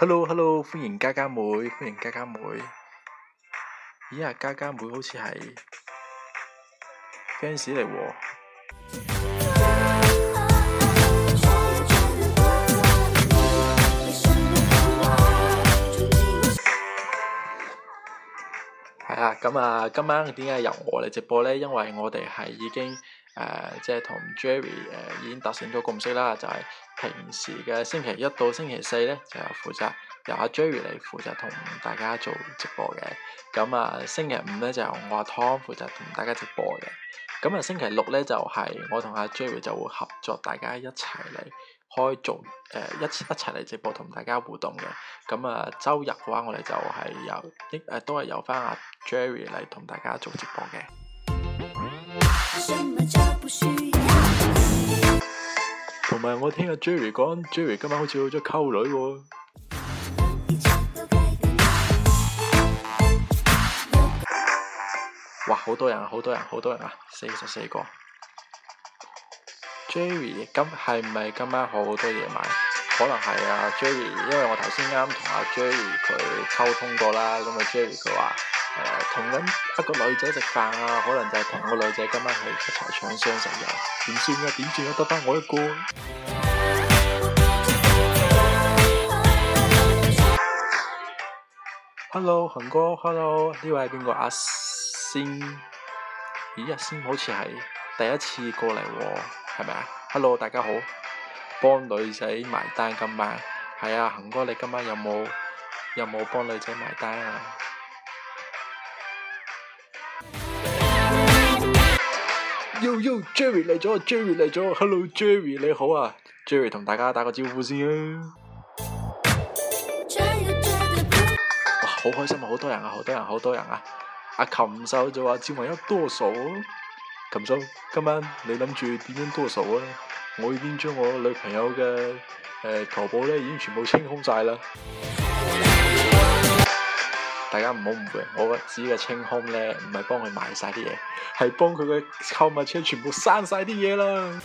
Hello，Hello，歡迎嘉嘉妹，歡迎嘉嘉妹。咦啊，嘉嘉妹好似係 fans 嚟喎。係啊，咁啊，今晚點解由我嚟直播咧？因為我哋係已經。誒、呃，即係同 Jerry 誒、呃、已經達成咗共識啦，就係、是、平時嘅星期一到星期四咧，就由負責由阿 Jerry 嚟負責同大家做直播嘅。咁啊，星期五咧就由我阿 Tom 負責同大家直播嘅。咁啊，星期六咧就係、是、我同阿 Jerry 就會合作，大家一齊嚟開做誒、呃、一一齊嚟直播同大家互動嘅。咁啊，周日嘅話，我哋就係、呃、由，亦誒都係由返阿 Jerry 嚟同大家做直播嘅。同埋我聽阿 Jerry 講，Jerry 今晚好似去咗溝女喎、啊。哇，好多人啊，好多人，好多人啊，四十四個。Jerry，今係咪今晚好多嘢買？可能係啊，Jerry，因為我頭先啱同阿 Jerry 佢溝通過啦，咁啊，Jerry 佢話。同緊一個女仔食飯啊，可能就係同個女仔今晚去一齊搶雙十一，點算啊？點算啊？得翻我一個。Hello，恆哥，Hello，呢位邊個啊？阿仙，咦啊，阿仙好似係第一次過嚟喎，係咪啊？Hello，大家好，幫女仔埋單今晚，係啊，恆哥你今晚有冇有冇幫女仔埋單啊？Yo yo，Jerry 嚟咗，Jerry 嚟咗，Hello，Jerry 你好啊，Jerry 同大家打個招呼先啊。Jerry, Jerry. 哇，好開心啊，好多人啊，好多人，好多人，好多人啊，阿琴手就話今晚要多數，琴手今晚你諗住點樣多數啊？我已經將我女朋友嘅誒、呃、淘寶咧已經全部清空晒啦。大家唔好誤會，我個只嘅清空咧，唔係幫佢買晒啲嘢，係幫佢嘅購物車全部刪晒啲嘢啦。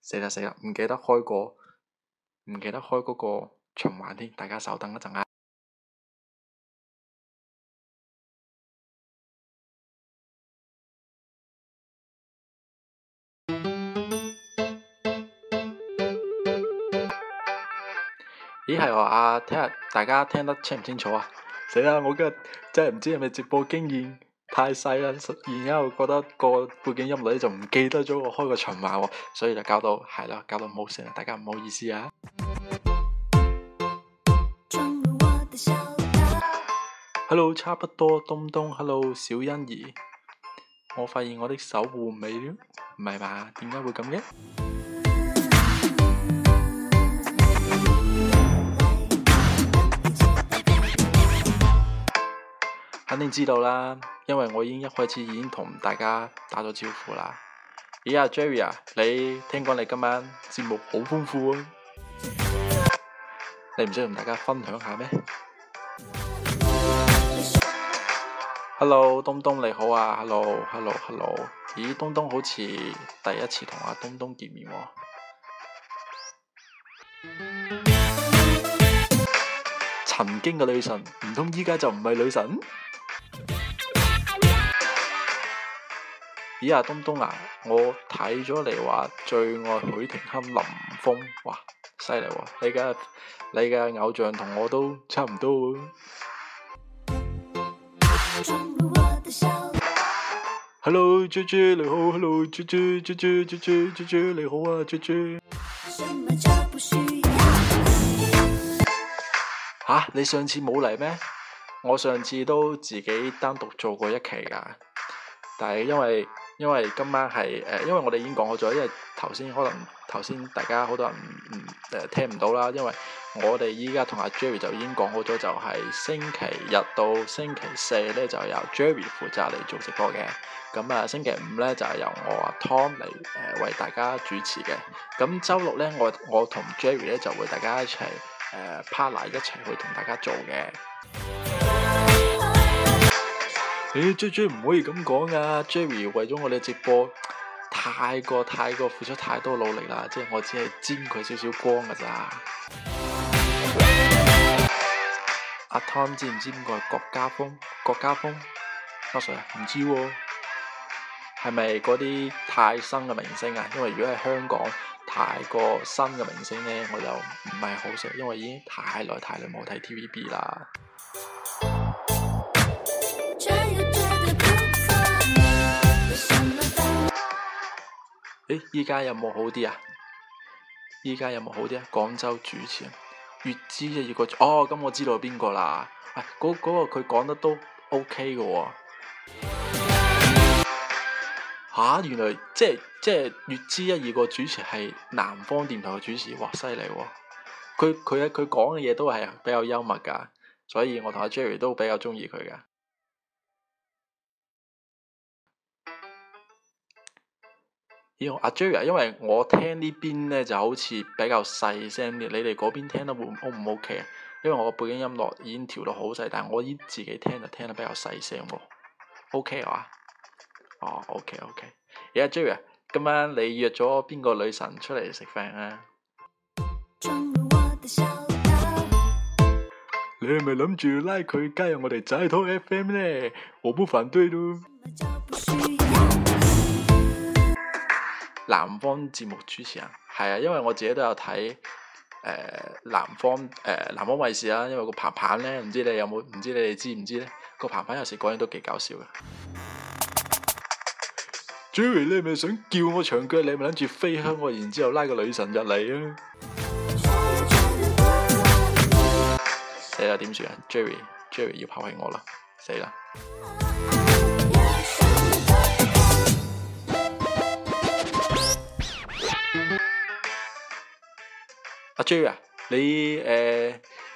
死啦死啦，唔記得開過，唔記得開嗰個循環添，大家稍等一陣啊！話啊，聽日大家聽得清唔清楚啊？死啦，我今日真係唔知係咪直播經驗太細啦，然之後覺得個背景音樂就唔記得咗我開個循環，所以就搞到係啦，搞到唔好成啦，大家唔好意思啊 ！Hello，差不多東東，Hello 小欣兒，我發現我的守護美，唔係嘛，點解會咁嘅？肯定知道啦，因為我已經一開始已經同大家打咗招呼啦。咦阿 Jerry 啊，你聽講你今晚節目好豐富啊，你唔想同大家分享下咩？Hello 東東你好啊，Hello Hello Hello，咦東東好似第一次同阿東東見面喎、哦。曾經嘅女神，唔通依家就唔係女神？啊，東東啊，我睇咗你話最愛許廷鏗、林峰，哇，犀利喎！你嘅你嘅偶像同我都差唔多、啊。Hello，豬豬你好，Hello，豬豬豬豬豬豬豬豬你好啊，豬豬。嚇、啊，你上次冇嚟咩？我上次都自己單獨做過一期㗎，但係因為。因為今晚係誒、呃，因為我哋已經講好咗，因為頭先可能頭先大家好多人唔誒聽唔到啦，因為我哋依家同阿 Jerry 就已經講好咗，就係、是、星期日到星期四咧就由 Jerry 負責嚟做直播嘅，咁啊星期五咧就係、是、由我阿 Tom 嚟誒、呃、為大家主持嘅，咁周六咧我我同 Jerry 咧就會大家一齊誒、呃、partner 一齊去同大家做嘅。你、欸、J J 唔可以咁講啊！Jerry 為咗我哋直播，太過太過付出太多努力啦，即係我只係沾佢少少光嘅咋。阿、 啊、Tom 知唔知邊個係國家風？國家風？阿、啊、Sir 唔知喎、啊，係咪嗰啲太新嘅明星啊？因為如果係香港太過新嘅明星呢，我就唔係好熟，因為已經太耐太耐冇睇 TVB 啦。誒依家有冇好啲啊？依家有冇好啲啊？廣州主持人，粵之一二個哦，咁我知道邊個啦。喂，嗰個個佢講得都 OK 㗎喎。吓，原來即係即係粵之一二個主持係南方電台嘅主持，哇犀利喎！佢佢佢講嘅嘢都係比較幽默㗎，所以我同阿 Jerry 都比較鍾意佢㗎。阿、啊、Jerry，因為我聽邊呢邊咧就好似比較細聲啲，你哋嗰邊聽得會 O 唔 O K 啊？因為我個背景音樂已經調到好細，但係我依自己聽就聽得比較細聲喎。O、OK，哦、K、OK, OK、啊？哦，O K O K。而家 Jerry，今晚你約咗邊個女神出嚟食飯啊？你係咪諗住拉佢加入我哋齋 talk F M 咧？我不反對咯。南方節目主持人，係啊，因為我自己都有睇誒南方誒南、呃、方衛視啊。因為個彭彭咧，唔知你有冇，唔知你哋知唔知咧，個彭彭有時講嘢都幾搞笑嘅。Jerry，你係咪想叫我長腳，你咪諗住飛香我，然之後拉個女神入嚟啊！死啦，點算啊，Jerry？Jerry 要拋棄我啦，死啦！J 啊，你、呃、誒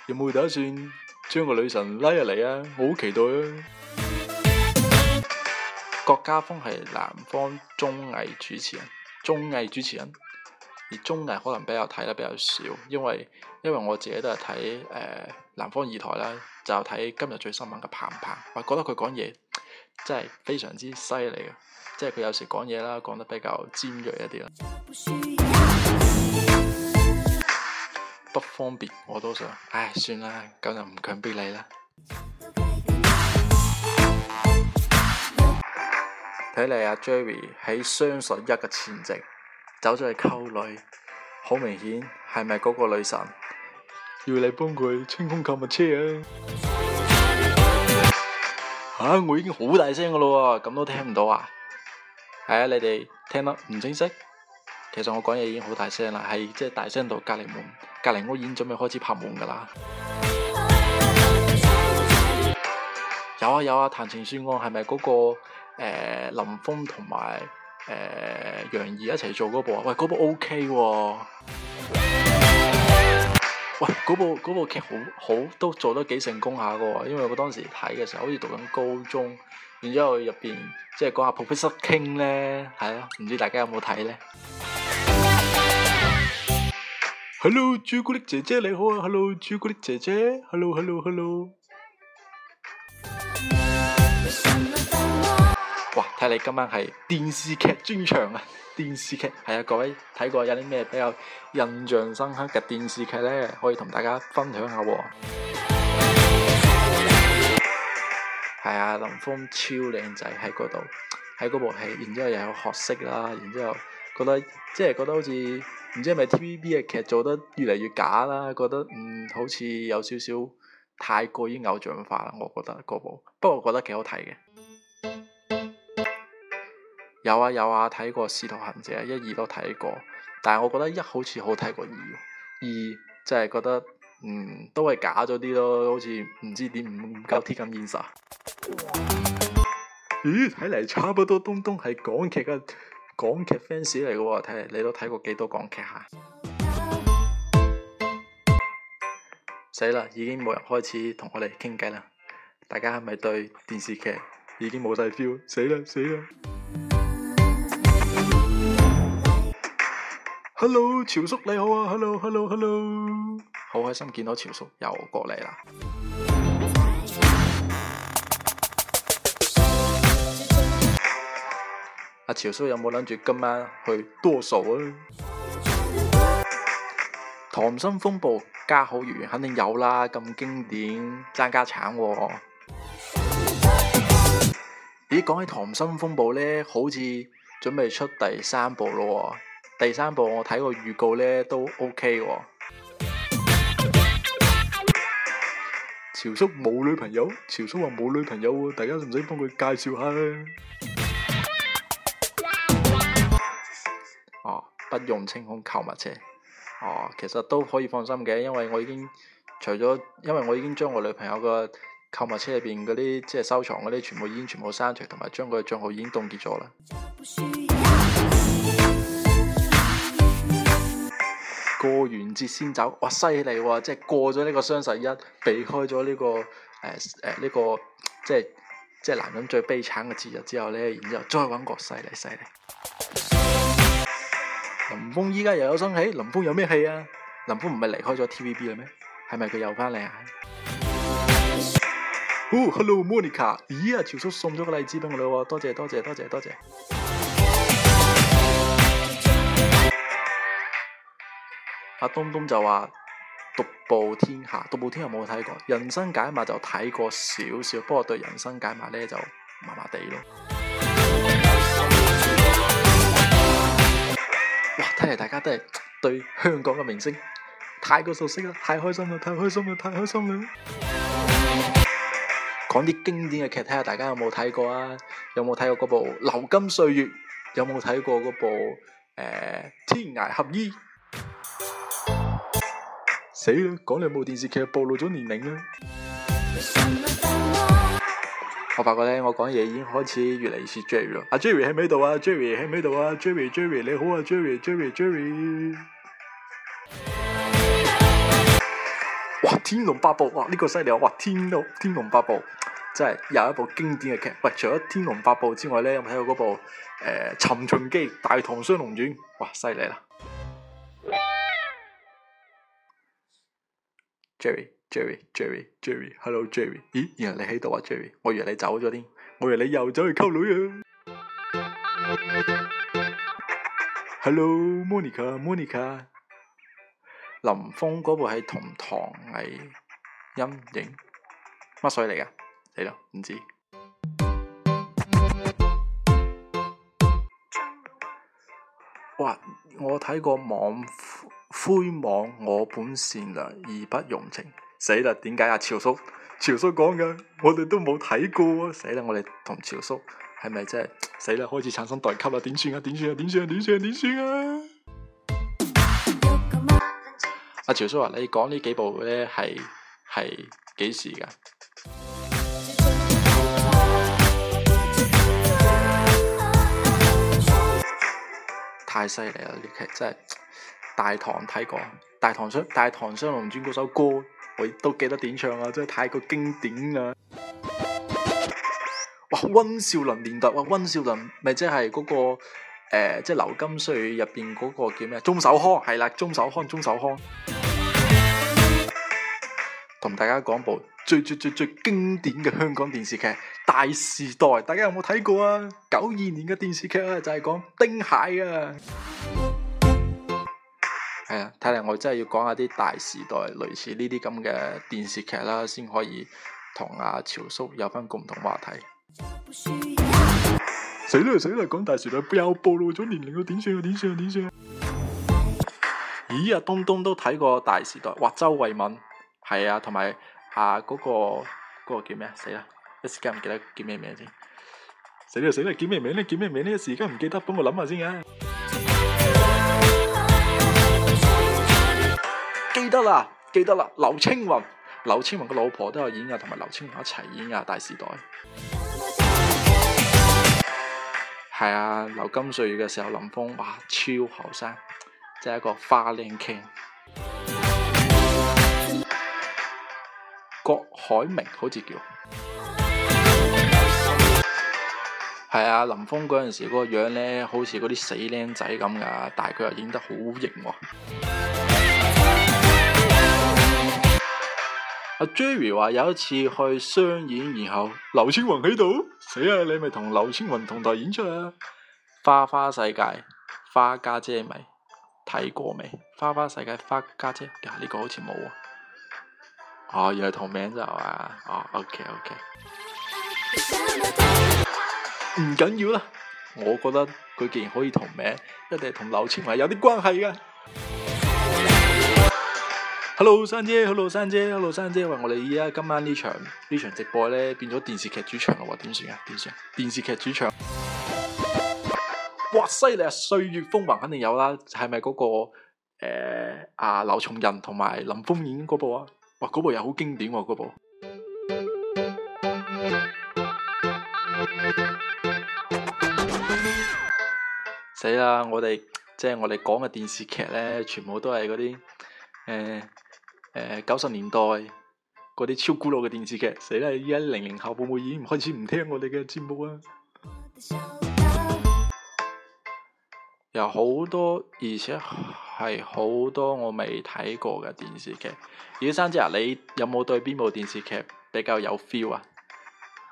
有冇打算將個女神拉入嚟啊？好期待啊！郭家峰係南方綜藝主持人，綜藝主持人而綜藝可能比較睇得比較少，因為因為我自己都係睇誒南方二台啦，就睇今日最新聞嘅彭彭，我覺得佢講嘢真係非常之犀利嘅，即係佢有時講嘢啦，講得比較尖鋭一啲啦。不方便，我都想，唉，算啦，咁就唔強迫你啦。睇嚟，阿 Jerry 喺雙十一嘅前夕走咗去溝女，好明顯係咪嗰個女神 要你幫佢清空購物車啊？ 啊，我已經好大聲㗎咯喎，咁都聽唔到啊？係啊，你哋聽得唔清晰？其實我講嘢已經好大聲啦，係即係大聲到隔離門、隔離屋已經準備開始拍門噶啦。 有啊有啊，談情說案係咪嗰個、呃、林峯同埋誒楊怡一齊做嗰部啊？喂，嗰部 O K 喎。喂，嗰部嗰部劇好好，都做得幾成功下噶喎，因為我當時睇嘅時候好似讀緊高中，然之後入邊即係講下 Professor King 咧，係啊，唔知大家有冇睇咧？Hello，朱古力姐姐你好啊！Hello，朱古力姐姐，Hello，Hello，Hello。Hello, hello, hello. 哇，睇嚟今晚係電視劇專場啊！電視劇？係啊，各位睇過有啲咩比較印象深刻嘅電視劇咧，可以同大家分享下喎。係啊，林峰超靚仔喺嗰度，喺嗰部戲，然之後又有學識啦，然之後。覺得即係覺得好似唔知係咪 TVB 嘅劇做得越嚟越假啦，覺得嗯好似有少少太過於偶像化啦，我覺得嗰部。不過我覺得幾好睇嘅。有啊有啊，睇過《使徒行者》一、二都睇過，但係我覺得一好似好睇過二，二即係、就是、覺得嗯都係假咗啲咯，好似唔知點唔夠貼咁現實。咦？睇嚟差唔多東東係港劇啊！港劇 fans 嚟噶喎，睇嚟你都睇過幾多港劇吓、啊？死啦， 已經冇人開始同我哋傾偈啦！大家係咪對電視劇已經冇晒 feel？死啦死啦！Hello，潮叔你好啊！Hello Hello Hello，好開心見到潮叔又過嚟啦！阿潮叔有冇諗住今晚去多數啊？《溏心風暴》加好完肯定有啦，咁經典爭家產喎、哦。咦，講起《溏心風暴》呢，好似準備出第三部咯。第三部我睇個預告呢都 OK 喎、哦。潮叔冇女朋友，潮叔話冇女朋友喎，大家使唔使幫佢介紹下呢？不用清空購物車，哦，其實都可以放心嘅，因為我已經除咗，因為我已經將我女朋友個購物車入邊嗰啲，即係收藏嗰啲，全部已經全部刪除，同埋將佢嘅賬號已經凍結咗啦。 過完節先走，哇！犀利喎，即係過咗呢個雙十一，避開咗呢個誒誒呢個即係即係男人最悲慘嘅節日之後呢，然之後再揾個犀利犀利。林峰依家又有新戲？林峰有咩戲啊？林峰唔係離開咗 TVB 啦咩？係咪佢又翻嚟啊？哦 Hello Monica，咦啊，潮叔送咗個荔枝俾我咯，多謝多謝多謝多謝。阿東東就話《獨步天下》，《獨步天下》冇睇過，《人生解碼》就睇過少少，不過對《人生解碼》咧就麻麻地咯。係大家都係對香港嘅明星太過熟悉啦，太開心啦，太開心啦，太開心啦！講啲經典嘅劇睇下，大家有冇睇過啊？有冇睇過嗰部《流金歲月》？有冇睇過嗰部《誒天涯俠醫》？死啦！講兩部電視劇暴露咗年齡啊！我發覺咧，我講嘢已經開始越嚟越似 Jerry 啦。啊 Jerry 喺唔喺度啊？Jerry 喺唔喺度啊？Jerry，Jerry，你好啊！Jerry，Jerry，Jerry，Jerry，Jerry。哇！天龍八部哇，呢個犀利啊！哇！天龍天龍八部真係又一部經典嘅劇。喂，除咗天龍八部之外咧，有冇睇過嗰部誒《尋秦記》、《大唐雙龍傳》？哇！犀利啦！Jerry。Jerry，Jerry，Jerry，Hello，Jerry，咦，原來你喺度啊，Jerry，我以為你走咗添，我以為你又走去溝女啊，Hello，Monica，Monica，林峰嗰部係《同唐藝》，陰影乜水嚟噶？死啦，唔知。哇，我睇過網灰網，我本善良，義不容情。死啦！點解阿潮叔，潮叔講嘅我哋都冇睇過啊！死啦！我哋同潮叔係咪真係死啦？開始產生代溝啦？點算啊？點算啊？點算啊？點算啊？點算啊？阿潮叔話你講呢幾部咧係係幾時噶？太犀利啦！呢、這、劇、個、真係大唐睇過，大唐雙，大唐雙龍傳嗰首歌。我亦都記得點唱啊！真係太過經典啦！哇，溫兆倫年代哇，溫兆倫咪即係嗰、嗰個、呃、即係《流金歲》入邊嗰個叫咩鍾守康，係啦，鍾守康，鍾守康，鍾守康。同大家講部最最最最經典嘅香港電視劇《大時代》，大家有冇睇過啊？九二年嘅電視劇啊，就係講丁蟹啊。係啊，睇嚟，我真係要講下啲大時代類似呢啲咁嘅電視劇啦，先可以同阿、啊、潮叔有翻共同話題。死啦死啦，講大時代，又暴露咗年齡啊？點算啊？點算啊？點算？咦啊，東東都睇過《大時代》？哇，周慧敏係啊，同埋啊嗰個嗰、嗰個叫咩啊？死啦，一時間唔記得叫咩名先。死啦死啦，叫咩名咧？叫咩名呢？一時間唔記得，幫我諗下先啊！記得啦，記得啦，劉青雲，劉青雲個老婆都有演啊，同埋劉青雲一齊演啊《大時代》。係 啊，流金歲月嘅時候，林峰，哇超後生，即係一個花靚 King 郭海明好似叫。係 啊，林峰嗰陣時嗰個樣呢，好似嗰啲死靚仔咁噶，但係佢又演得好型喎。 阿 Jerry 話有一次去商演，然後劉青雲喺度，死啦！你咪同劉青雲同台演出啦，《花花世界》花家姐咪睇過未？《花花世界》花家姐，姐，呀、啊，呢、這個好似冇啊，哦、啊、又係同名咋係嘛？哦、啊、，OK OK，唔緊要啦，我覺得佢既然可以同名，一定係同劉青雲有啲關係嘅。hello 珊姐，hello 珊姐，hello 珊姐，話我哋依家今晚呢場呢場直播咧變咗電視劇主場啦，話點算啊？點算啊？電視劇主場，哇犀利啊！《歲月風雲》肯定有啦，係咪嗰個誒、呃、啊劉松仁同埋林峯演嗰部啊？哇，嗰部又好經典喎、啊，嗰部。 死啦！我哋即係我哋講嘅電視劇咧，全部都係嗰啲誒。呃呃，九十年代嗰啲超古老嘅電視劇，死啦！依家零零後會唔會已經開始唔聽我哋嘅節目啊？ 有好多，而且係好多我未睇過嘅電視劇。小生姐啊，你有冇對邊部電視劇比較有 feel 啊？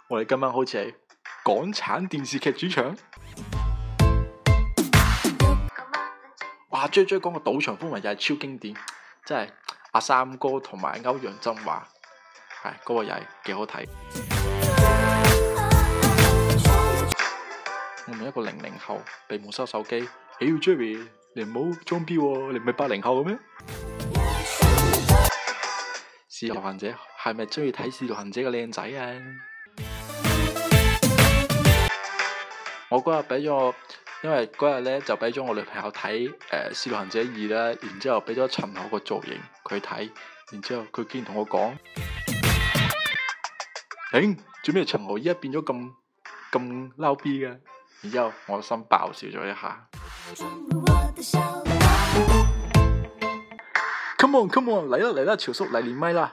我哋今晚好似係港產電視劇主場。 哇！J J 講嘅《賭場風雲》又係超經典，真係～阿三哥同埋歐陽振華，係嗰、嗰個又係幾好睇。我咪一個零零後，被沒收手機。屌、hey, Jerry，你唔好裝逼喎，你唔係八零後嘅咩？使徒行者，係咪中意睇使徒行者嘅靚仔啊？我嗰日俾咗因為嗰日咧就俾咗我女朋友睇，誒、呃《使徒行者二》啦，然之後俾咗陳豪個造型佢睇，然之後佢竟然同我講，誒，做咩陳豪依家變咗咁咁撈 B 噶？然之後我心爆笑咗一下。Come on，come on，嚟啦嚟啦，潮叔嚟連麥啦！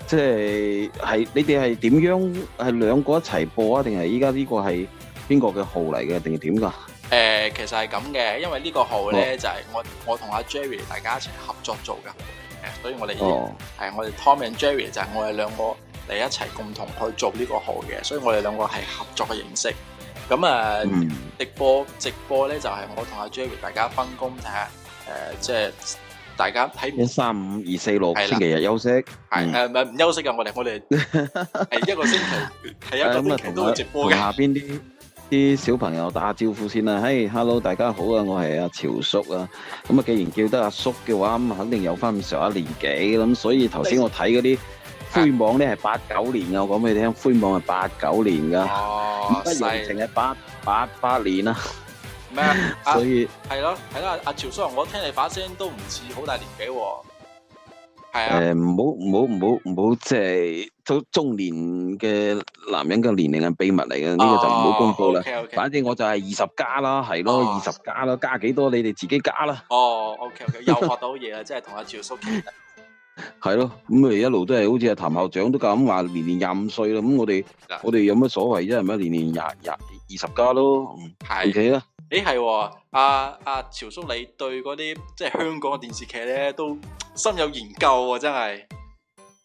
即係係你哋係點樣？係兩個一齊播啊？定係依家呢個係邊個嘅號嚟嘅？定係點㗎？誒，其實係咁嘅，因為呢個號咧就係我我同阿 Jerry 大家一齊合作做嘅，誒，所以我哋係我哋 Tom and Jerry 就係我哋兩個嚟一齊共同去做呢個號嘅，所以我哋兩個係合作嘅形式。咁啊，直播直播咧就係我同阿 Jerry 大家分工睇，誒，即係。大家睇一三五二四六，星期日休息。係，誒，唔係唔休息噶，我哋我哋係一個星期，係一個星期都會直播嘅。同下邊啲啲小朋友打下招呼先啦。誒，hello，大家好啊，我係阿潮叔啊。咁啊，既然叫得阿叔嘅話，咁啊肯定有翻咁上下年紀。咁所以頭先我睇嗰啲灰網咧係八九年噶，我講俾你聽，灰網係八九年噶。哦，咁淨係八八八年啦。咩、啊啊？所以係咯，係咯，阿、啊、趙叔，我聽你把聲都唔似好大年紀，係啊。誒、呃，唔好唔好唔好唔好，即係、就是、中中年嘅男人嘅年齡係秘密嚟嘅，呢、哦這個就唔好公布啦。哦、okay, okay, 反正我就係二十加啦，係、哦、咯，二十加咯，加幾多你哋自己加啦。哦，OK OK，又學到嘢 啊！即係同阿趙叔傾，係咯，咁咪一路都係好似阿譚校長都咁話，年年廿五歲啦。咁我哋我哋有乜所謂啫？係咪年年廿廿二十加咯？OK 啦。誒，係阿阿潮叔，你對嗰啲即係香港嘅電視劇咧，都深有研究喎、哦，真係。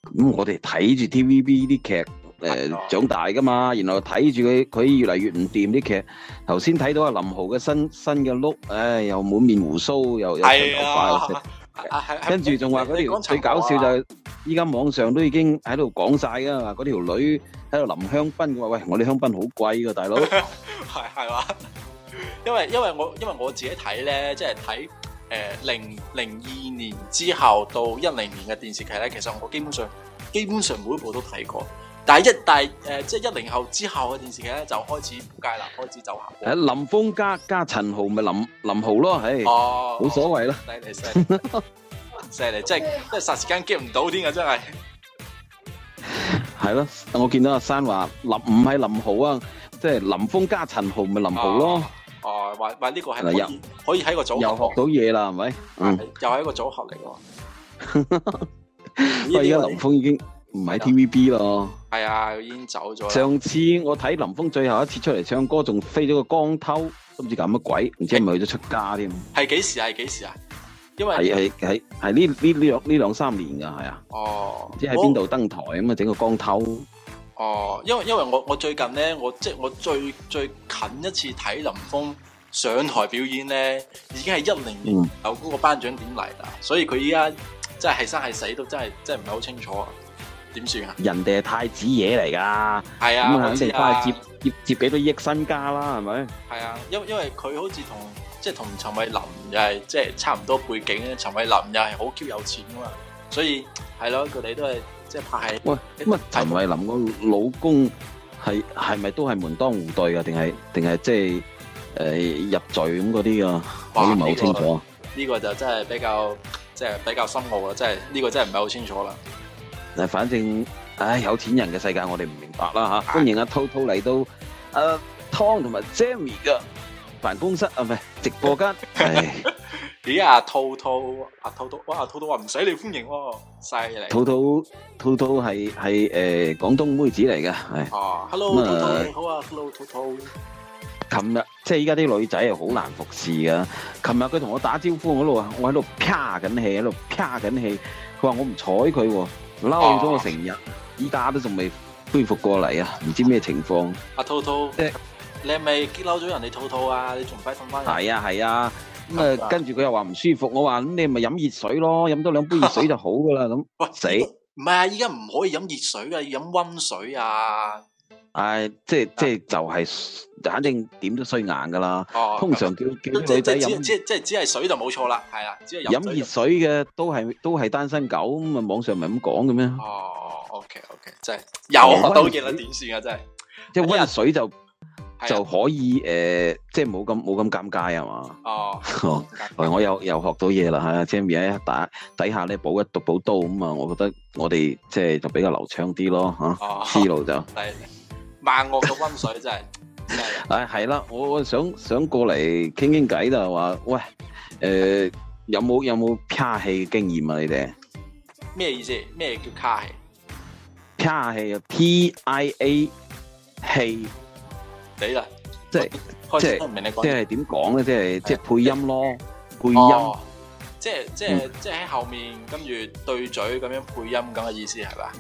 咁、嗯、我哋睇住 TVB 啲劇誒、呃、長大噶嘛，然後睇住佢佢越嚟越唔掂啲劇。頭先睇到阿林豪嘅新新嘅碌，o 又滿面鬍鬚又又又快咗，跟住仲話嗰條最搞笑就係，依、啊、家網上都已經喺度講晒噶嘛，嗰條女喺度淋香檳，話喂，我哋香檳好貴噶，大佬係係嘛。 因為因為我因為我自己睇咧，即係睇誒零零二年之後到一零年嘅電視劇咧，其實我基本上基本上每一部都睇過。但係一誒即係一零後之後嘅電視劇咧，就開始撲街啦，開始走下坡。誒，林峰加加陳豪咪林林豪咯，唉、哎，哦，冇所謂咯，犀利，犀利，犀利即係即係霎時間 get 唔到添啊，真係係咯，我見到阿珊話林唔係林豪啊，即係林峰加陳豪咪林豪咯。啊啊、哦，話話呢個係可以可以喺個組合又學到嘢啦，係咪？嗯，又係一個組合嚟嘅。因為而家林峰已經唔喺 TVB 咯。係、嗯嗯、啊，已經走咗。上次我睇林峰最後一次出嚟唱歌，仲飛咗個光頭，都唔知搞乜鬼，唔知係咪去咗出家添。係幾時啊？係幾時啊？因為係係係係呢呢呢呢兩,兩三年噶、啊、係啊。哦，即係喺邊度登台咁啊？整、哦、個光頭？哦，因為因為我我最近咧，我即係我最最近一次睇林峰上台表演咧，已經係一零年有嗰個頒獎典禮啦，所以佢依家即係係生係死都真係真係唔係好清楚，點算人家是太子來的是啊？人哋係太子爺嚟噶，係啊，咁肯定翻去接接幾多億身家啦，係咪？係啊，因為因為佢好似同即係同陳慧琳，就是，又係即係差唔多背景咧，陳慧琳又係好 k 有錢噶嘛，所以係咯，佢哋、啊、都係。即係拍戲。喂，咁啊，陳慧琳個老公係係咪都係門當戶對啊？定係定係即係誒、呃、入贅咁嗰啲啊？我唔係好清楚。啊、這個。呢、這個就真係比較即係、就是、比較深奧啊！真係呢、這個真係唔係好清楚啦。誒，反正，誒，有錢人嘅世界我哋唔明白啦吓、啊啊。歡迎阿、啊、濤，濤嚟到阿、啊、湯同埋 Jamie 嘅辦公室啊，唔係直播間。 唉 咦、啊、阿兔兔阿、啊、兔兔哇阿、啊、兔兔話唔使你歡迎、哦，犀利。兔兔兔兔係係誒廣東妹子嚟嘅，係。哦、啊、，Hello 兔兔你好啊，Hello 兔兔。琴、啊啊、日即係依家啲女仔係好難服侍噶。琴日佢同我打招呼嗰度，我喺度啪緊氣，喺度啪緊氣。佢話我唔睬佢，嬲咗我成日，依家都仲未恢復過嚟啊，唔知咩情況。阿、啊、兔兔，呃、你係咪激嬲咗人哋兔兔啊？你仲快心翻嚟？係啊係啊。咁啊，跟住佢又話唔舒服，我話咁你咪飲熱水咯，飲多兩杯熱水就好噶啦。咁，喂死！唔係啊，依家唔可以飲熱水噶，要飲温水啊。誒，即係即係就係，反正點都衰硬噶啦。通常叫叫女仔飲，即係即係只係水就冇錯啦。係啊，只係飲。飲熱水嘅都係都係單身狗，咁啊網上咪咁講嘅咩？哦，OK OK，即係又渴到嘅啦，點算啊？即係即係温水就。啊、就可以誒、呃，即係冇咁冇咁尷尬啊嘛！哦， 我又又學到嘢啦嚇，Jamie 打底下咧補一讀補一刀咁啊！我覺得我哋即係就比較流暢啲咯嚇、哦啊，思路就係萬惡嘅溫水 真係。唉、啊，係啦，我想想過嚟傾傾偈就係話，喂，誒、呃、有冇有冇卡戲經驗啊？你哋咩意思？咩叫卡戲？卡戲啊，P I A 戲。哋啦，即係開始，即係即係點講咧？即係即係配音咯，配音，哦、即係即係、嗯、即係喺後面跟住對嘴咁樣配音咁嘅意思係咪啊？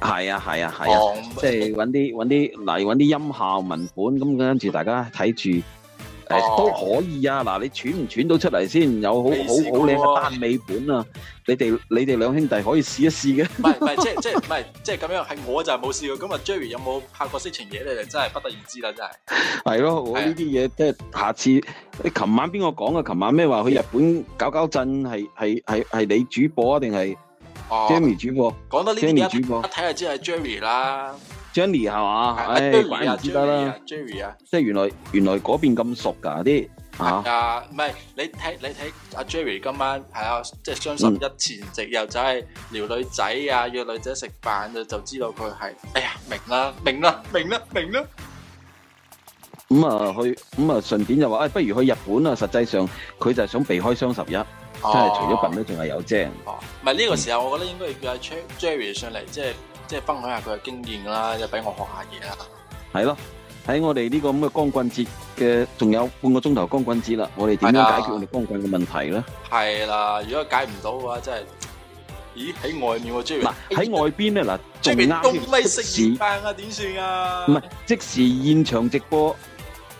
係啊係啊係啊，即係搵啲搵啲嗱，啲、哦搵啲、音效文本咁跟住大家睇住。嗯哦、都可以啊！嗱、啊，你串唔串到出嚟先？有好好好靚嘅單尾本啊！你哋你哋兩兄弟可以試一試嘅。唔係唔係，即係即係唔係，即係咁樣。係我就係冇試過。咁啊，Jerry 有冇拍過色情嘢，你哋真係不得而知啦，真係。係咯，我呢啲嘢即係下次。你琴晚邊個講啊？琴晚咩話去日本搞搞震？係係係係你主播啊？定係、哦、Jamie 主播？講得呢一，睇下知係 Jerry 啦。Jenny 係嘛、啊？哎，管之、啊、得啦、啊。Jerry 啊，即係原來原來嗰邊咁熟噶啲吓。啊，唔係、啊、你睇你睇阿、啊、Jerry 今晚係啊，即、就、係、是、雙十一前夕又再係撩女仔啊，約、嗯、女仔食飯就就知道佢係，哎呀，明啦明啦明啦明啦。咁、嗯、啊去，咁、嗯、啊順便就話，哎，不如去日本啊。實際上佢就係想避開雙十一，即、哦、係除咗笨都仲係有精。哦，唔係呢個時候，我覺得應該要叫阿 Jerry 上嚟、嗯，即係。即係分享下佢嘅經驗啦，又俾我學下嘢啦，係咯，喺我哋呢個咁嘅光棍節嘅，仲、呃、有半個鐘頭光棍節啦，我哋點樣解決我哋光棍嘅問題咧？係啦，如果解唔到嘅話，真係，咦？喺外面，Jenny，喺外邊咧，嗱，仲 e n n y 東咪識時啊，點 j- 算啊？唔係 即，即時現場直播，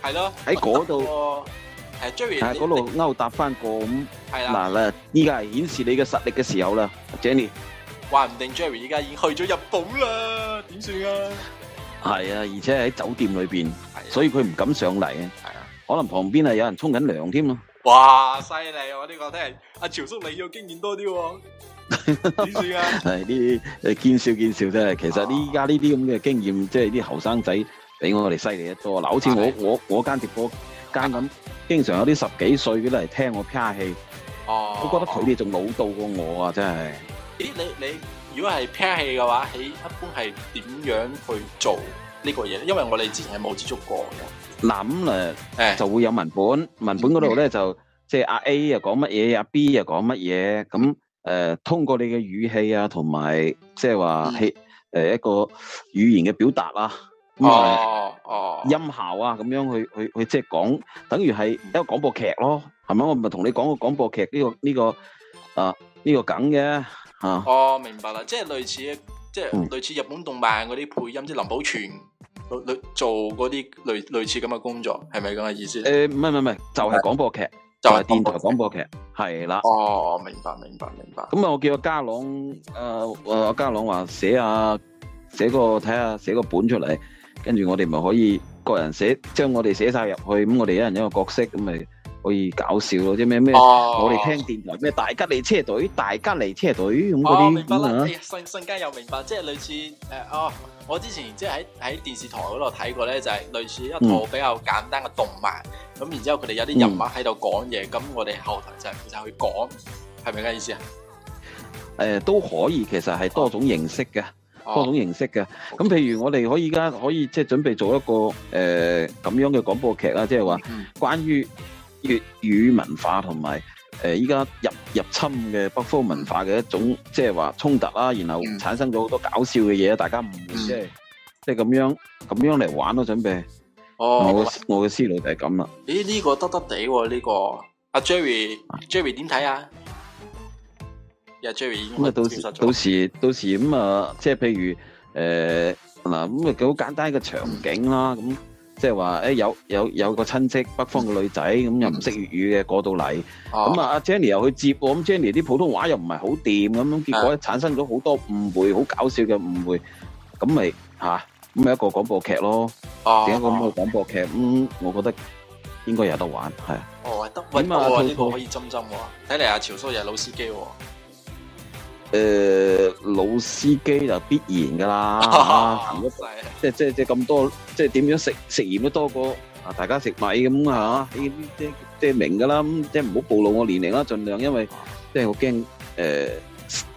係咯，喺嗰度，係、啊、Jenny 喺嗰度勾搭翻個咁，係啦，嗱、啊、啦，依家係顯示你嘅實力嘅時候啦 ，Jenny。話唔定 Jerry 依家已經去咗日本啦，點算啊？係啊，而且喺酒店裏邊、啊，所以佢唔敢上嚟啊。係啊，可能旁邊啊有人沖緊涼添咯。哇，犀利、啊！我、這、呢個真係阿潮叔，你要經驗多啲點算啊？係 啲、啊、見笑見笑啫。其實呢依家呢啲咁嘅經驗，即係啲後生仔比我哋犀利得多。嗱、啊，好似我我我間直播間咁，經常有啲十幾歲嘅都嚟聽我啪戲。哦、啊，都覺得佢哋仲老到過我啊，真係。誒，你你如果係 pair 戲嘅話，你一般係點樣去做呢個嘢咧？因為我哋之前係冇接觸過嘅。諗誒，就會有文本，文本嗰度咧就即係阿 A 又講乜嘢，阿 B 又講乜嘢，咁誒通過你嘅語氣啊，同埋即係話係誒一個語言嘅表達啊，咁啊音效啊，咁樣去去去即係講，等於係一個廣播劇咯，係咪？我咪同你講個廣播劇呢個呢個啊呢個梗嘅。啊、哦，明白啦，即係類似，即係類似日本動漫嗰啲配音，嗯、即係林保全，做嗰啲類類似咁嘅工作，係咪咁嘅意思？誒、呃，唔係唔係唔係，就係廣播劇，就係電台廣播劇，係啦。哦，明白明白明白。咁啊，那我叫阿家朗，誒、呃，阿家朗話寫啊寫個睇下寫個本出嚟，跟住我哋咪可以個人寫，將我哋寫晒入去，咁我哋一人一個角色咁咪。可以搞笑咯，即咩咩，我哋聽電台咩大吉利車隊、大吉利車隊咁嗰啲咁呀，瞬瞬間又明白，即係類似誒、呃，哦，我之前即係喺喺電視台嗰度睇過咧，就係、是、類似一套比較簡單嘅動漫，咁、嗯、然之後佢哋有啲人物喺度講嘢，咁、嗯、我哋後頭就係負責去講，係咪咁嘅意思啊？誒、呃，都可以，其實係多種形式嘅、哦，多種形式嘅。咁、哦、譬如我哋可以而家可以即係準備做一個誒咁、呃、樣嘅廣播劇啦，即係話關於。粵語文化同埋誒，依家入入侵嘅北方文化嘅一種，即係話衝突啦，然後產生咗好多搞笑嘅嘢、嗯，大家唔即係即係咁樣咁樣嚟玩咯，準備。哦，我嘅哦我嘅思、哎、思路就係咁啦。咦，呢、這個得得地喎、哦，呢、這個阿、啊、Jerry，Jerry 點睇啊？阿 Jerry、啊啊、Jerry 已經啊，到時到時到時咁啊，即、就、係、是、譬如誒嗱，咁啊幾好簡單嘅場景啦，咁、嗯。嗯即係話誒，有有有個親戚北方嘅女仔，咁、嗯、又唔識粵語嘅過到嚟，咁、哦嗯、啊阿 Jenny 又去接，咁、嗯、Jenny 啲普通話又唔係好掂，咁、嗯、樣，結果，產生咗好多誤會，好搞笑嘅誤會，咁咪吓，咁、啊、咪一個廣播劇咯，哦、點解咁嘅廣播劇，咁、哦嗯、我覺得應該有得玩，係、哦哦這個、啊，哦得起碼我啊，呢個可以針針，睇嚟阿潮叔又係老司機喎。誒，老司機就必然噶啦，行一世，即係即係即係咁多，即係點樣食食鹽都多過啊！大家食米咁啊，呢啲即係明噶啦，即係唔好暴露我年齡啦，盡量因為即係我驚誒，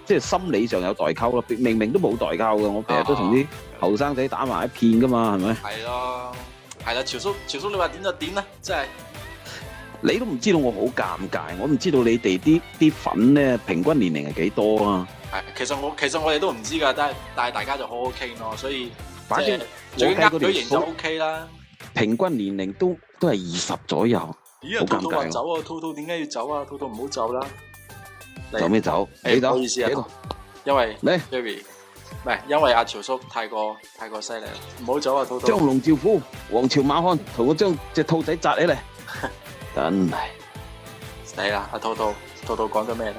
即係心理上有代溝咯，明明都冇代溝噶，我其實都同啲後生仔打埋一片噶嘛，係咪？係咯，係啦，潮叔，潮叔你話點就點啦，即係。你都唔知道我好尷尬，我唔知道你哋啲啲粉咧平均年齡係幾多啊？係，其實我其實我哋都唔知噶，但係但係大家就好好傾咯，所以反正最厄佢型都 OK 啦。平均年齡都都係二十左右，好尷尬。走啊，兔兔，點解要走啊？兔兔唔好走啦！走咩走？誒，好意思啊，因為，喂，Jerry，唔係因為阿潮叔太過太過犀利啦。唔好走啊，兔兔！張龍趙虎，王朝馬漢，同我將隻兔仔紮起嚟。真係死啦！阿兔兔，兔兔講咗咩咧？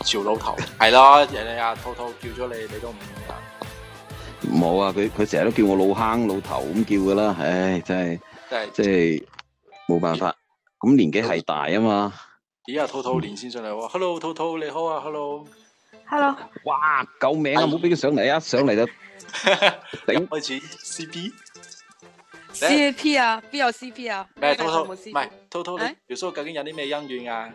趙老頭係咯，人哋阿兔兔叫咗你，你都唔認得。冇啊，佢佢成日都叫我老坑、老頭咁叫噶啦。唉，真係真係，即係冇辦法。咁年紀係大啊嘛。咦，阿兔兔連線上嚟，hello，兔兔你好啊，hello，hello。哇！救命啊，唔好俾佢上嚟啊，上嚟就。等我接 CP。C P 啊，邊有 C P 啊？唔係濤濤，唔係濤濤，你說究竟有啲咩恩怨啊？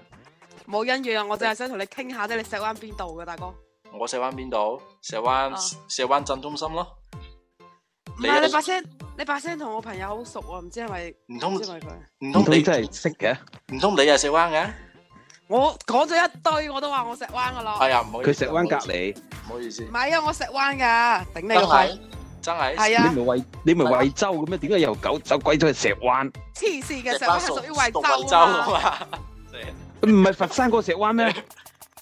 冇恩怨啊，我淨係想同你傾下啫。你石灣邊度嘅大哥？我石灣邊度？石灣石灣鎮中心咯。唔係你把聲，你把聲同我朋友好熟喎，唔知係咪？唔通唔通你真係識嘅？唔通你係石灣嘅？我講咗一堆，我都話我石灣嘅咯。係啊，佢石灣隔籬，唔好意思。唔係啊，我石灣噶，頂你個肺。真係，你唔係惠，你唔係惠州嘅咩？點解又走鬼咗去石灣？黐線嘅，石灣係屬於惠州啊嘛？唔係佛山個石灣咩？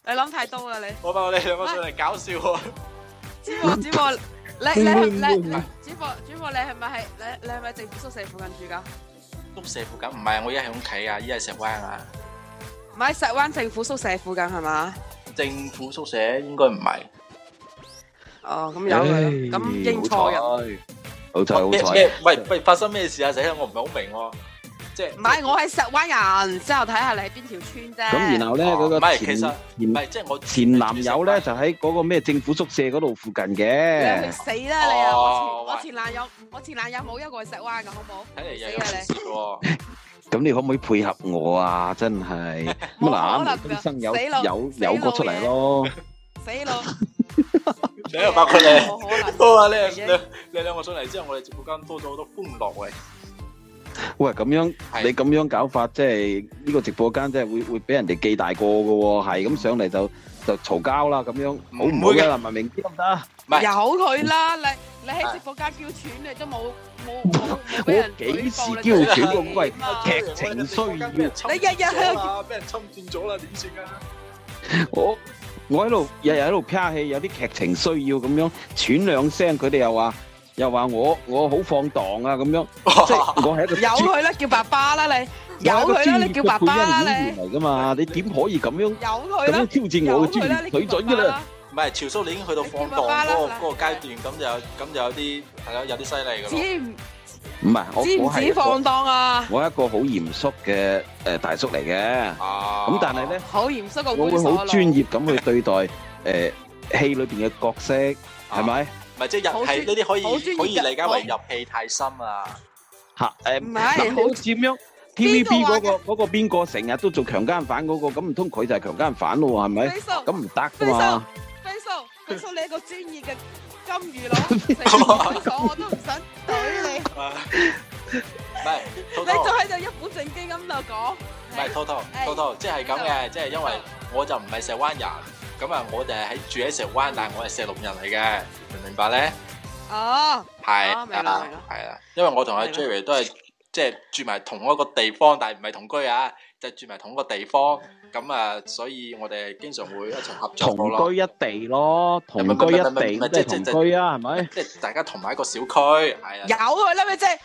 你諗太多啦你！我話我哋兩個上嚟搞笑啊！主播主播，你你你，主播主播，你係咪係你你係咪政府宿舍附近住噶？宿舍附近唔係，我而家係屋企啊，而家係石灣啊。唔係石灣政府宿舍附近係嘛？政府宿舍應該唔係。哦，咁有佢，咁認錯人，好彩好彩，喂喂發生咩事啊？死啦，我唔係好明，即係唔係我係石灣人，之後睇下你喺邊條村啫。咁然後咧，嗰個前唔係即係我前男友咧，就喺嗰個咩政府宿舍嗰度附近嘅。死啦你啊！我我前男友我前男友冇一個係石灣嘅，好唔好？死啦你！咁你可唔可以配合我啊？真係咁嗱，男今生有有有個出嚟咯，死咯！你又八卦咧？好啊，你你你兩個上嚟之後，我哋直播間多咗好多歡樂喂。喂，咁樣你咁樣搞法，即係呢個直播間即係會會俾人哋記大過嘅喎。係咁上嚟就就嘈交啦，咁樣好唔會噶啦，文明啲得唔得啊？有佢啦，你你喺直播間叫喘你都冇冇俾人舉報啦嘛。我幾時叫喘過？喂，劇情需要。你日日啊，俾人侵占咗啦，點算啊？我。我喺度日日喺度拍戲，有啲劇情需要咁樣喘兩聲，佢哋又話又話我我好放蕩啊咁樣，即係我喺個專業配音演員嚟噶嘛，你點可以咁樣咁樣挑戰我嘅專業水準噶啦？唔係，潮叔，你已經去到放蕩嗰個嗰個階段，咁就有咁就有啲係咯，有啲犀利噶咯。唔係，我我係我一個好嚴肅嘅誒大叔嚟嘅，咁但係咧好嚴肅個猥瑣佬，我會好專業咁去對待誒戲裏邊嘅角色，係咪？唔係即係入戲呢啲可以可以理解為入戲太深啊吓？誒唔係，好似樣 TVB 嗰個嗰個邊個成日都做強奸犯嗰個，咁唔通佢就係強奸犯咯？係咪？咁唔得噶嘛？飛叔，飛叔你個專業嘅。金魚佬成日講我都唔想懟你，唔係，你仲喺度一本正經咁度講，唔係，濤濤，濤濤，即係咁嘅，即係因為我就唔係石灣人，咁啊，我就係喺住喺石灣，但係我係石龍人嚟嘅，明唔明白咧？哦，係，係啦，係啦，因為我同阿 Jerry 都係即係住埋同一個地方，但係唔係同居啊。就住埋同一個地方，咁啊，所以我哋經常會一齊合作咯。同居一地咯，同居一地即係同居啊，係咪？即係大家同埋一個小區，係啊。有啊，拉咪即係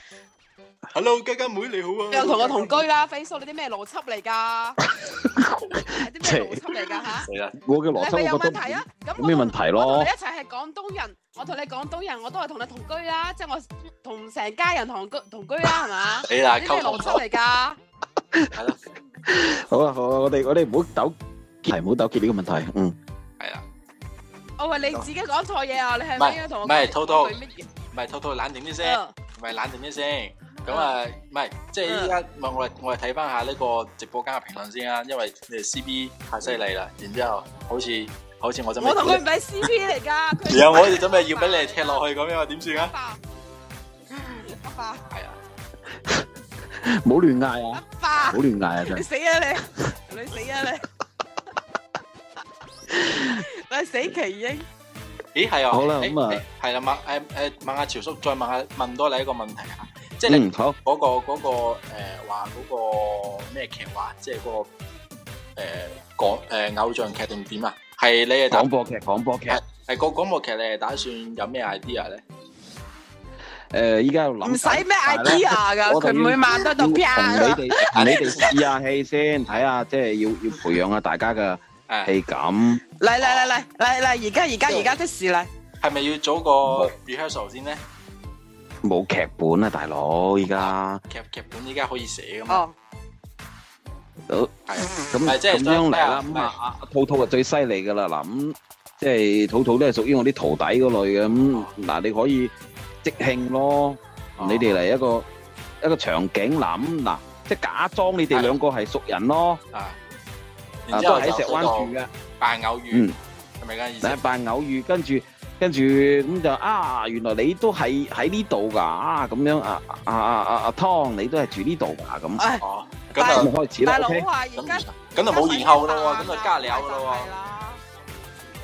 ，Hello，雞雞妹你好啊。又同我同居啦，肥叔，你啲咩邏輯嚟噶？係啲咩邏輯嚟噶吓？係啊，我嘅邏輯有咩問題咯？我哋一齊係廣東人，我同你廣東人，我都係同你同居啦，即係我同成家人同居同居啦，係嘛？你啲咩邏輯嚟噶？係咯。好啊好啊，我哋我哋唔好糾結，唔好糾結呢個問題。嗯，係啊。我話你自己講錯嘢啊，你係咪嘢同我？唔係，唔係，兔兔，唔係，兔兔，冷靜啲先，唔係，冷靜啲先。咁啊，唔係，即係依家，我我我哋睇翻下呢個直播間嘅評論先啊。因為你哋 CP 太犀利啦，然之後好似好似我準備我同佢唔係 CP 嚟噶。然後我哋準備要俾你哋踢落去咁樣，點算啊？爸爸。唔好亂嗌啊！唔好亂嗌啊！你死啊你！ 你死啊你！ 你死奇其英！咦係啊！好啦咁啊，係、哎、啦、哎、問誒誒、哎、問下潮叔，再問下問，問多你一個問題啊，即係你嗰、嗯那個嗰、嗰個誒話嗰個咩劇話，即係嗰個誒廣誒偶像劇定點啊？係你係打廣播劇？廣播劇係、嗰個廣播劇，你係打算有咩 idea 咧？誒、呃，依家諗，唔使咩 idea 噶，佢每晚都喺度拍下你哋試下戲先，睇下即係要要培養下大家嘅戲感。嚟嚟嚟嚟嚟嚟，而家而家而家出事啦！係咪要組個 rehearsal 先咧？冇劇本啊，大佬，依家劇劇本依家可以寫噶嘛？好係咁咁樣嚟啦，咁啊阿、啊、兔兔最啊最犀利噶啦嗱，咁即係兔兔都係屬於我啲徒弟嗰類嘅咁嗱，你可以。即興咯，你哋嚟一個一個場景諗嗱，即係假裝你哋兩個係熟人咯，都喺石灣住嘅，扮偶遇，係咪咁嘅意思？扮偶遇，跟住跟住咁就啊，原來你都係喺呢度噶，咁樣啊啊啊啊，阿湯你都係住呢度噶咁，咁就開始啦。大佬好懷疑，咁咁就冇然後啦，咁就加料噶啦。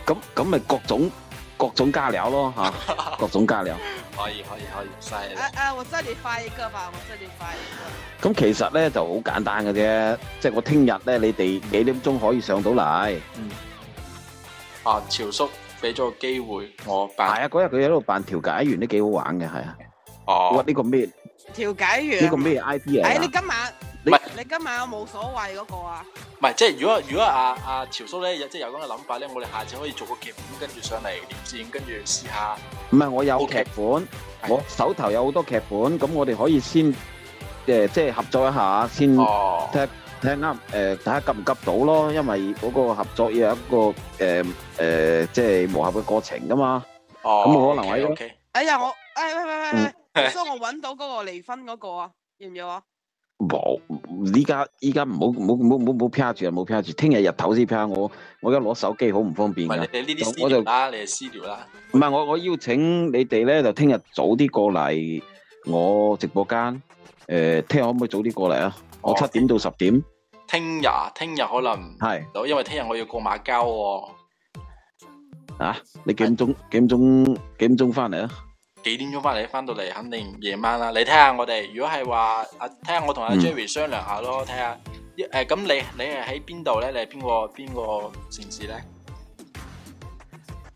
咁咁咪各種各種加料咯，吓，各種加料。可以可以可以，晒。誒誒，我這裏發一個吧，我這裏發一個。咁其實咧就好簡單嘅啫，即係我聽日咧，你哋幾點鐘可以上到嚟？嗯。啊，潮叔俾咗個機會我辦。係啊，嗰日佢喺度辦調解員都幾好玩嘅，係啊。哦。我呢個咩？調解員。呢個咩 IP 嚟？哎，你今晚。你今晚有冇所謂嗰個啊？唔係，即係如果如果阿阿潮叔咧有即係有咁嘅諗法咧，我哋下次可以做個劇本跟住上嚟連線，跟住試下。唔係，我有劇本，我手頭有好多劇本，咁我哋可以先誒即係合作一下，先睇睇啱誒，睇下夾唔夾到咯。因為嗰個合作要有一個誒誒即係磨合嘅過程㗎嘛。哦，咁冇可能喎。哎呀，我哎喂喂喂，所以我揾到嗰個離婚嗰個啊，要唔要啊？冇。依家依家唔好唔好唔好唔好唔好撇住啊！唔好撇住，聽日日頭先撇我。我而家攞手機好唔方便嘅，我就啦，你係私聊啦。唔係我我邀請你哋咧，就聽日早啲過嚟我直播間。誒，聽日可唔可以早啲過嚟啊？我七點到十點。聽日啊，聽日可能係，因為聽日我要過馬交喎。啊，你幾點鐘？幾點鐘？幾點鐘翻嚟啊？幾點鐘翻嚟？翻到嚟肯定夜晚啦。你睇下我哋，如果係話啊，睇下我同阿 Jerry 商量下咯，睇下。誒，咁你你係喺邊度咧？你係邊個邊個城市咧？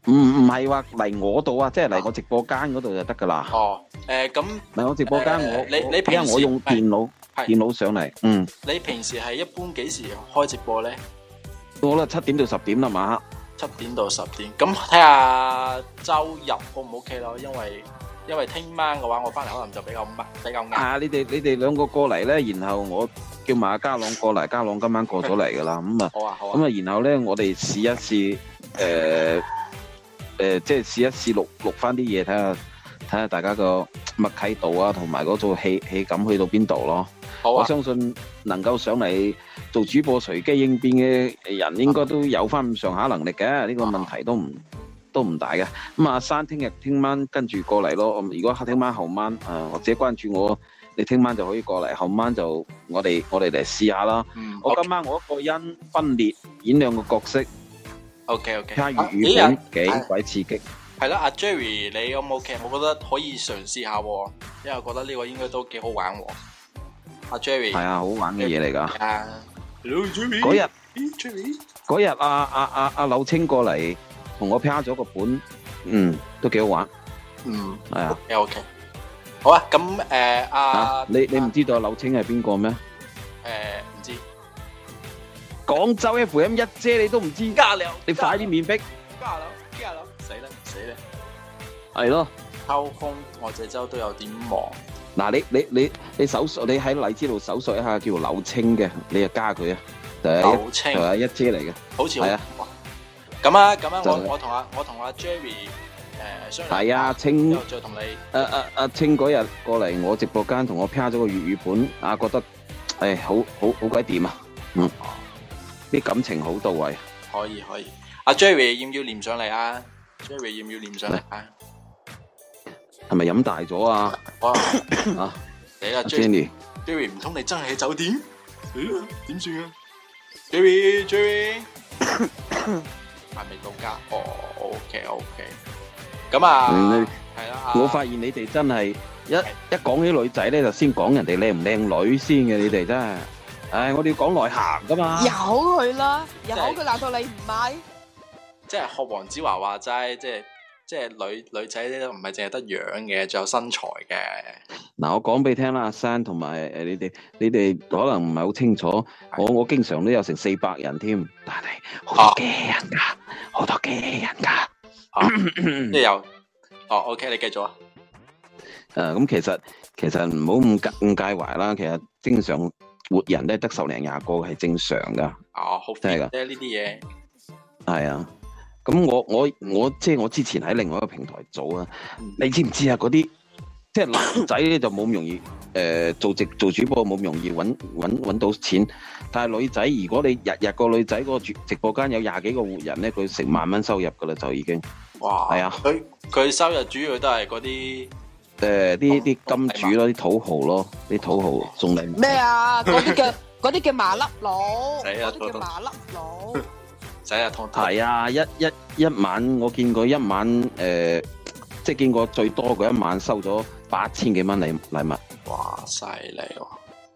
唔唔係話嚟我度啊，即係嚟我直播間嗰度就得噶啦。哦。誒，咁嚟我直播間我，你你平時係我用電腦電腦上嚟。嗯。你平時係一般幾時開直播咧？我啦七點到十點啦嘛。七點到十點，咁睇下周日 O 唔 O K 咯。因為因為聽晚嘅話，我翻嚟可能就比較密，比較啊！你哋你哋兩個過嚟咧，然後我叫埋阿家朗過嚟，家 朗今晚過咗嚟噶啦。咁 啊，好啊好啊。咁啊，然後咧，我哋試一試，誒、呃、誒、呃，即係試一試錄錄翻啲嘢睇下，睇下大家個默契度啊，同埋嗰套戲戲感去到邊度咯。啊、我相信能夠上嚟做主播隨機應變嘅人，應該都有翻上下能力嘅。呢、uh-huh. 個問題都唔都唔大嘅。咁啊，山聽日聽晚跟住過嚟咯。如果聽晚後晚，誒、啊、或者關注我，你聽晚就可以過嚟，後晚就我哋我哋嚟試下啦。嗯 okay. 我今晚我一個人分裂演兩個角色，OK，OK，睇下粵語版幾鬼刺激。係、啊、啦，阿、啊 啊、Jerry，你有冇劇？我覺得可以嘗試下、啊，因為我覺得呢個應該都幾好玩、啊。阿、ah, Jerry 係啊，好玩嘅嘢嚟噶。阿 Jerry 嗰日，Jerry 嗰日阿啊啊阿、啊啊、柳青過嚟同我拍咗個本，嗯，都幾好玩。嗯，係啊。Okay, OK，好啊。咁誒、uh, 啊，啊你你唔知道柳青係邊個咩？誒、uh,，唔知。廣州 FM 一姐你都唔知？加你快啲面壁。加樓，加樓，死啦死啦。係咯。秋風，我這周都有點忙。嗱你你你你搜索你喺荔枝度搜索一下叫柳青嘅，你就加佢啊，係啊，係啊，一姐嚟嘅，好似係啊。咁啊咁啊，我我同阿我同阿 Jerry 誒商量，係啊，青，再同你，阿阿阿青嗰日過嚟我直播間同我拍咗個粵語本，啊覺得誒好好好鬼掂啊，嗯，啲感情好到位。可以可以，阿 Jerry 要唔要連上嚟啊？Jerry 要唔要連上嚟啊？係咪飲大咗啊？哇！吓，你阿 Jenny，Jenny 唔通你真係喺酒店？點算啊？Jenny，Jenny，係咪到家？哦，OK，OK。咁啊，係啦吓。我發現你哋真係一一講起女仔咧，就先講人哋靚唔靚女先嘅。你哋真係，唉，我哋要講內涵噶嘛。有佢啦，有佢鬧到你唔買。即係學黃子華話齋，即係。即係女女仔咧，都唔係淨係得樣嘅，仲有身材嘅。嗱，我講俾你聽啦，阿生同埋誒，你哋你哋可能唔係好清楚。我我經常都有成四百人添，但係好驚人噶，好多驚人噶。即係有，哦，OK，你繼續啊。誒，咁其實其實唔好咁咁介懷啦。其實正常活人咧得十零廿個係正常噶。哦，好，真係噶，即係呢啲嘢係啊。咁、嗯、我我我即係我之前喺另外一個平台做啊，你知唔知啊？嗰啲即係男仔咧就冇咁容易，誒、呃、做直做主播冇咁容易揾揾揾到錢。但係女仔，如果你日日個女仔嗰個直直播間有廿幾個活人咧，佢成萬蚊收入噶啦就已經。哇！係啊，佢佢收入主要都係嗰啲誒啲啲金主咯，啲土豪咯，啲土豪送嚟咩啊？嗰啲叫嗰啲叫馬粒佬，係啊，嗰啲叫馬粒佬。 仔啊，拖 係樂啊！一一一晚，我見過一晚，誒、呃，即係見過最多嗰一晚收咗八千幾蚊禮禮物。哇，犀利喎！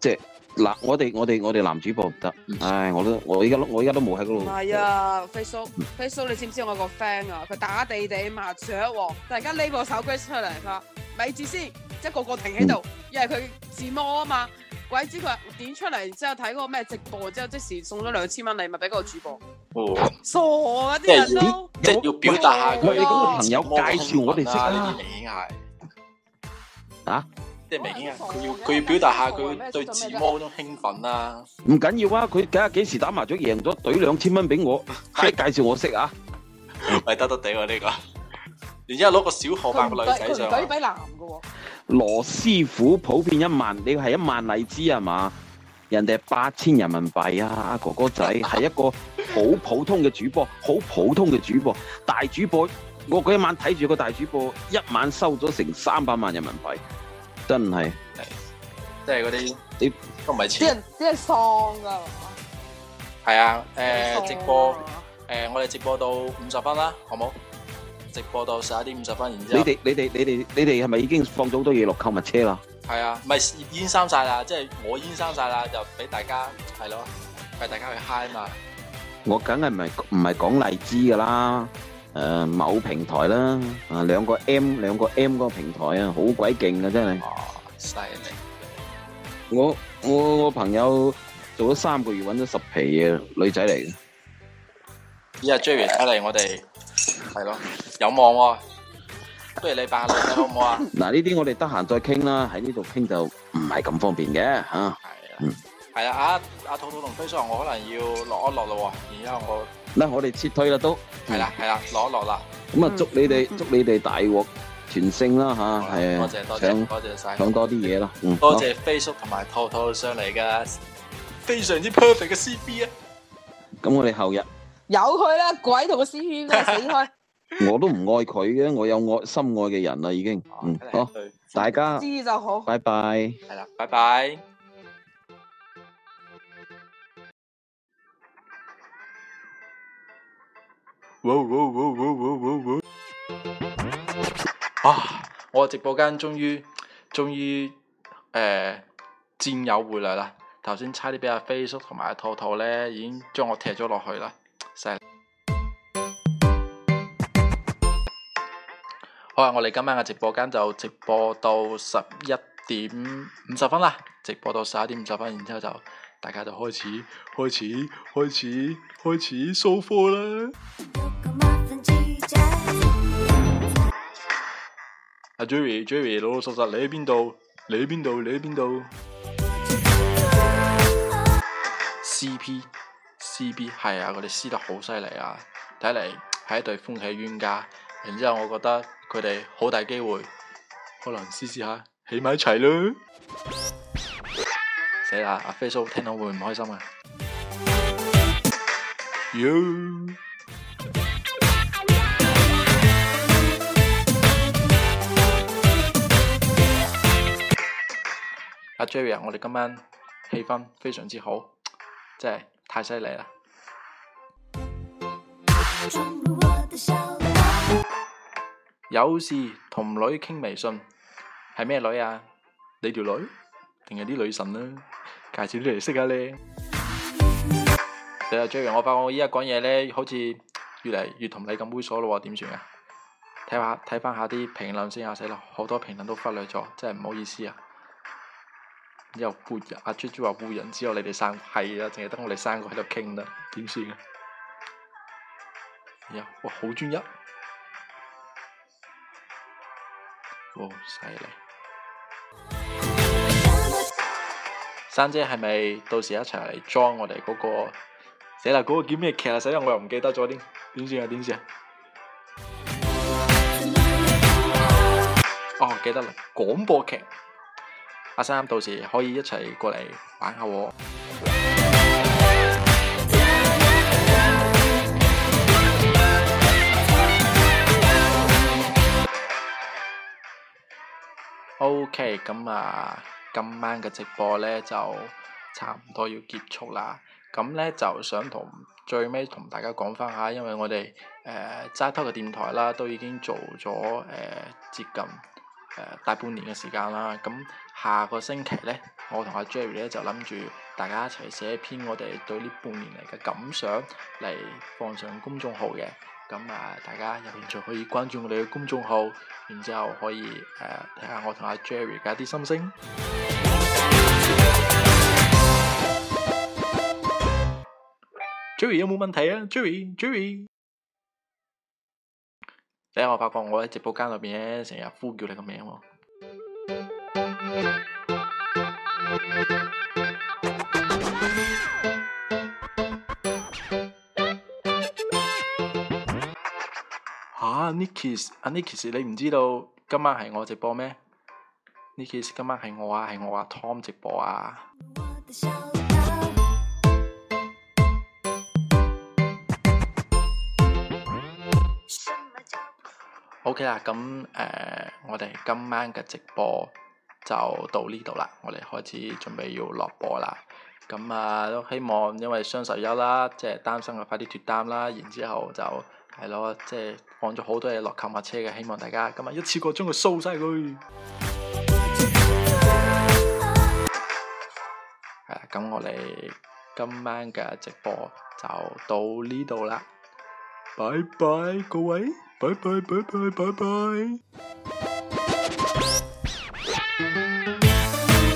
即係嗱，我哋我哋我哋男主播唔得，唉，我都我依家都、啊、我依家都冇喺嗰度。係啊，Facebook，Facebook，你知唔知我個 friend 啊？佢打地地麻雀，突然間搦部手機出嚟，佢咪住先，一個個停喺度，因為佢自摸啊嘛。鬼知佢點出嚟，然之後睇嗰個咩直播，之後即時送咗兩千蚊禮物俾嗰個主播。傻啊啲人咯，即係要表達下佢。你嗰個朋友介紹我哋識啊，呢啲明顯係。啊，即係明顯啊，佢要佢要表達下佢對自摸嗰種興奮啦。唔緊要啊，佢梗下幾時打麻雀贏咗，懟兩千蚊俾我，即係介紹我識啊。係得得地喎呢個，然之後攞個小學班個女仔上。佢鬼比男嘅喎。羅師傅普遍一萬，你係一萬荔枝係嘛？人哋八千人民幣啊，哥哥仔係一個好普通嘅主播，好普通嘅主播，大主播。我嗰晚睇住個大主播，一晚收咗成三百萬人民幣，真係，即係嗰啲你都唔係錢。啲人啲人喪噶，係啊，誒、呃，直播，誒、呃，我哋直播到五十分啦，好冇？直播到十一點五十分，然之後你哋你哋你哋你哋係咪已經放咗好多嘢落購物車啦？係啊，唔係腌生晒啦，即係我腌生晒啦，就俾大家係咯，俾大家去 high 嘛。我梗係唔係唔係講荔枝噶啦，誒某平台啦，啊兩個 M 兩個 M 嗰個平台啊，好鬼勁啊真係。哇，犀利！我我我朋友做咗三個月，搵咗十皮嘢，女仔嚟嘅。而家 Jerry 睇嚟我哋。係咯，有望喎。不如你扮下你啦，好唔好啊？嗱，呢啲我哋得閒再傾啦，喺呢度傾就唔係咁方便嘅吓。係啊，係啦，阿阿兔兔同飛叔，我可能要落一落咯，然之後我，嗱，我哋撤退啦都。係啦係啦，落一落啦。咁啊，祝你哋祝你哋大獲全勝啦吓。係啊，多謝多謝，多謝晒，講多啲嘢咯。嗯，多謝飛叔同埋兔兔上嚟嘅非常之 perfect 嘅 CB 啊。咁我哋後日。有佢啦，鬼同個 C P 都係死開。 我都唔愛佢嘅，我有愛心愛嘅人啦，已經。啊、嗯，好、啊，大家知就好。拜拜。係啦，拜拜。哇哇，哇，哇，哇，哇，哇、啊、我直播間終於終於誒戰友回來啦！頭先差啲俾阿飛叔同埋阿兔兔咧，已經將我踢咗落去啦。好啦！我哋今晚嘅直播間就直播到十一點五十分啦，直播到十一點五十分，然之後就大家就開始開始開始開始收貨啦。阿、啊、 Jerry，Jerry 老老實實，你喺邊度？你喺邊度？你喺邊度？CP。C B 係啊，佢哋撕得好犀利啊！睇嚟係一對歡喜冤家。然之後，我覺得佢哋好大機會，可能試試下起埋一齊咯。死啦！阿飛叔聽到會唔開心啊？Yo！、Yeah. 阿、uh, Jerry 啊，我哋今晚氣氛非常之好，即係～太犀利啦！有事同女傾微信，係咩女啊？你條女定係啲女神呢？介紹你嚟識下咧。睇下最近我發覺我而家講嘢咧，好似越嚟越同你咁猥瑣咯喎，點算啊？睇下睇翻下啲評論先啊，死啦！好多評論都忽略咗，真係唔好意思啊！又孤、啊、人，阿豬豬話孤人，只有你哋三個？係啊，淨係得我哋三個喺度傾啦，點算啊？又，哇，好專一，哇，犀利！三姐係咪到時一齊嚟裝我哋嗰、嗰個死啦嗰個叫咩劇啊？死啦，我又唔記得咗添，點算啊？點算啊？哦，記得啦，廣播劇。阿三，到時可以一齊過嚟玩下我。OK，咁啊，今晚嘅直播呢就差唔多要結束啦。咁呢，就想同最尾同大家講翻下，因為我哋誒齋 talk 嘅電台啦，都已經做咗誒、呃、接近、呃、大半年嘅時間啦。咁下個星期呢，我同阿 Jerry 呢就諗住大家一齊寫一篇我哋對呢半年嚟嘅感想嚟放上公眾號嘅。咁啊，大家有興趣可以關注我哋嘅公眾號，然之後可以誒睇下我同阿 Jerry 嘅一啲心聲。Jerry 有冇問題啊？Jerry，Jerry，咧 Jerry 我發覺我喺直播間裏邊咧，成日呼叫你個名喎。吓、啊、Nikis，Nikis，你唔知道今晚係我直播咩？Nikis，今晚係我啊，係我啊，Tom 直播啊。O K 啦，咁、呃、誒，我哋今晚嘅直播。就到呢度啦，我哋開始準備要落播啦。咁啊，都希望因為雙十一啦，即係擔心佢快啲脫單啦，然之後就係咯，即係放咗好多嘢落購物車嘅，希望大家今日一次過將佢掃晒佢。係啦，咁 我哋今晚嘅直播就到呢度啦，拜拜各位，拜拜拜拜拜拜。